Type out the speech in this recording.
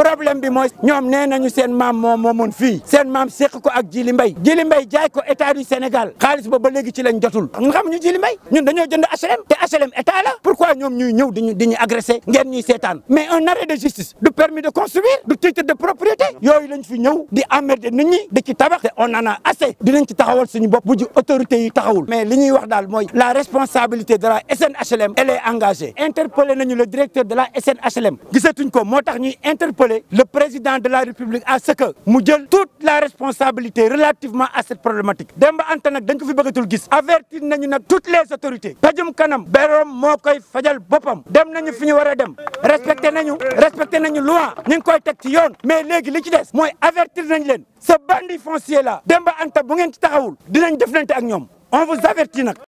problème bi moy ñom nee sen mam maam moom moomoon fii seen maam ko ak Jili Mbay Jili Mbay jaay ko état du Sénégal xaalis ba ba légui ci lañ jotul xam ñu Jili Mbay ñun dañu jënd HLM té HLM état la pourquoi ñom ñuy ñew diñu di ñu ngeen ñuy sétane mais un arrêt de justice du permis de construire du titre de propriété yoy lañ fi ñew di emmerder nit ñi di ci tabax té on en a assez dinañ ci taxawal suñu bop bu ji autorité yi taxawul mais li ñuy wax dal moy la responsabilité de la SNHLM elle est engagée interpeller nañu le directeur de la SNHLM gisatuñ ko motax ñuy interpellé interpeller le président de la République à ce que mu toute la responsabilité relativement à cette problématique Demba Anta nag dañ ko fi bëggatul gis avertir nañu nag toutes les autorités pajum kanam beroom Mokoy, fajal bopam dem nañu fi ñu war a dem respecté nañu nañu loi ñu ngi koy ci yoon mais les li ci avertir nañ leen ce bandit foncier là Demba Anta bu ngeen ci taxawul dinañ deflante ak ñoom on vous avertit n'ak